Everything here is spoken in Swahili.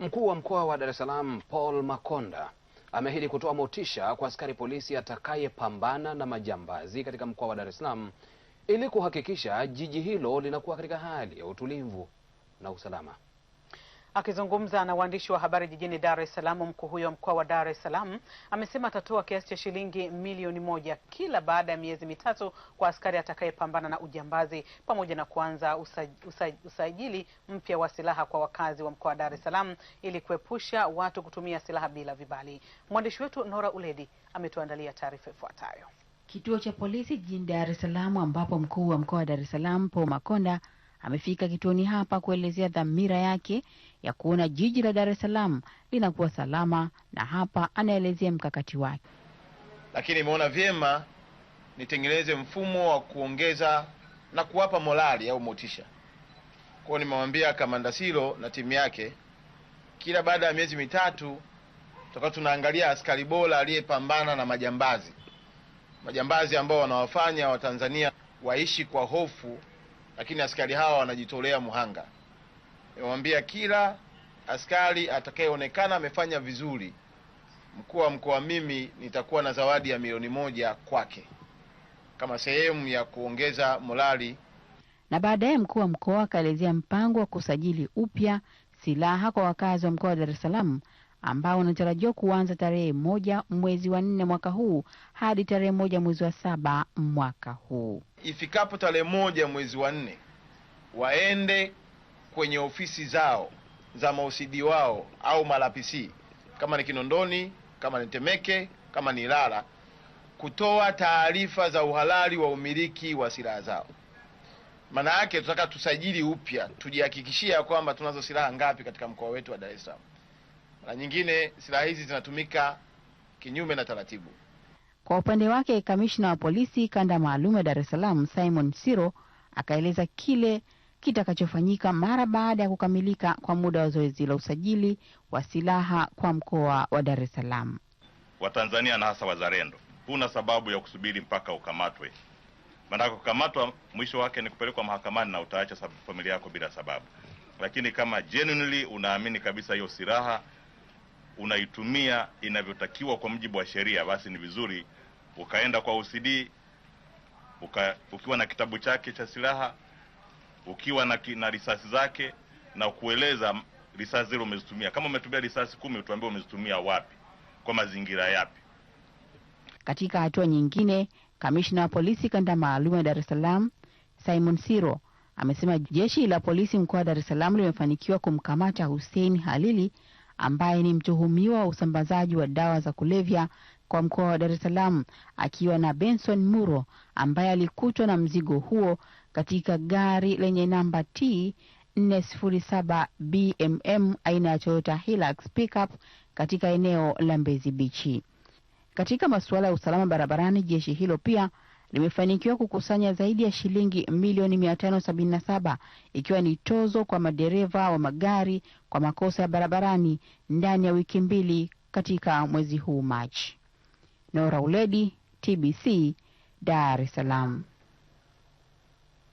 Mkuu wa mkoa wa Dar es Salaam Paul Makonda ameahidi kutoa motisha kwa askari polisi atakayepambana na majambazi katika mkoa wa Dar es Salaam ili kuhakikisha jiji hilo linakuwa katika hali ya utulivu na usalama. Akizungumza na waandishi wa habari jijini Dar es Salaam, mkuu huyo wa mkoa wa Dar es Salaam amesema atatoa kiasi cha shilingi milioni moja kila baada ya miezi mitatu kwa askari atakayepambana na ujambazi pamoja na kuanza usajili mpya wa silaha kwa wakazi wa mkoa wa Dar es Salaam ili kuepusha watu kutumia silaha bila vibali. Mwandishi wetu Nora Uledi ametuandalia taarifa ifuatayo. Kituo cha polisi jijini Dar es Salaam ambapo mkuu wa mkoa wa Dar es Salaam Paul Makonda amefika kituoni hapa kuelezea dhamira yake ya kuona jiji la Dar es Salaam linakuwa salama, na hapa anaelezea mkakati wake. Lakini imeona vyema nitengeneze mfumo wa kuongeza na kuwapa morali au motisha. Kwa hiyo nimemwambia Kamanda Silo na timu yake, kila baada ya miezi mitatu tutakuwa tunaangalia askari bora aliyepambana na majambazi, majambazi ambao wanawafanya Watanzania waishi kwa hofu lakini askari hawa wanajitolea muhanga. Nimemwambia kila askari atakayeonekana amefanya vizuri, mkuu wa mkoa mimi nitakuwa na zawadi ya milioni moja kwake kama sehemu ya kuongeza morali. Na baadaye mkuu wa mkoa akaelezea mpango wa kusajili upya silaha kwa wakazi wa mkoa wa Dar es Salaam ambao unatarajiwa kuanza tarehe moja mwezi wa nne mwaka huu hadi tarehe moja mwezi wa saba mwaka huu. Ifikapo tarehe moja mwezi wa nne waende kwenye ofisi zao za mausidi wao au malapisi, kama ni Kinondoni, kama ni Temeke, kama ni Ilala, kutoa taarifa za uhalali wa umiliki wa silaha zao. Maana yake tunataka tusajili upya, tujihakikishia kwamba tunazo silaha ngapi katika mkoa wetu wa Dar es Salaam na nyingine silaha hizi zinatumika kinyume na taratibu. Kwa upande wake, kamishna wa polisi kanda maalum ya Dar es Salaam Simon Siro akaeleza kile kitakachofanyika mara baada ya kukamilika kwa muda wa zoezi la usajili wa silaha kwa mkoa wa Dar es Salaam. Watanzania na hasa wazalendo, huna sababu ya kusubiri mpaka ukamatwe, maanake kukamatwa mwisho wake ni kupelekwa mahakamani na utaacha familia yako bila sababu. Lakini kama genuinely unaamini kabisa hiyo silaha unaitumia inavyotakiwa kwa mujibu wa sheria, basi ni vizuri ukaenda kwa OCD uka, ukiwa na kitabu chake cha silaha ukiwa na, na risasi zake na kueleza risasi zile umezitumia. Kama umetumia risasi kumi, utuambie umezitumia wapi, kwa mazingira yapi. Katika hatua nyingine, kamishna wa polisi kanda maalum ya Dar es Salaam Simon Siro amesema jeshi la polisi mkoa wa Dar es Salaam limefanikiwa kumkamata Hussein Halili ambaye ni mtuhumiwa wa usambazaji wa dawa za kulevya kwa mkoa wa Dar es Salaam akiwa na Benson Muro ambaye alikutwa na mzigo huo katika gari lenye namba T 407 BMM aina ya Toyota Hilux pickup katika eneo la Mbezi Beach. Katika masuala ya usalama barabarani, jeshi hilo pia limefanikiwa kukusanya zaidi ya shilingi milioni saba ikiwa ni tozo kwa madereva wa magari kwa makosa ya barabarani ndani ya wiki mbili katika mwezi huu Machi. Nora Uledi, TBC, Dar es Salaam.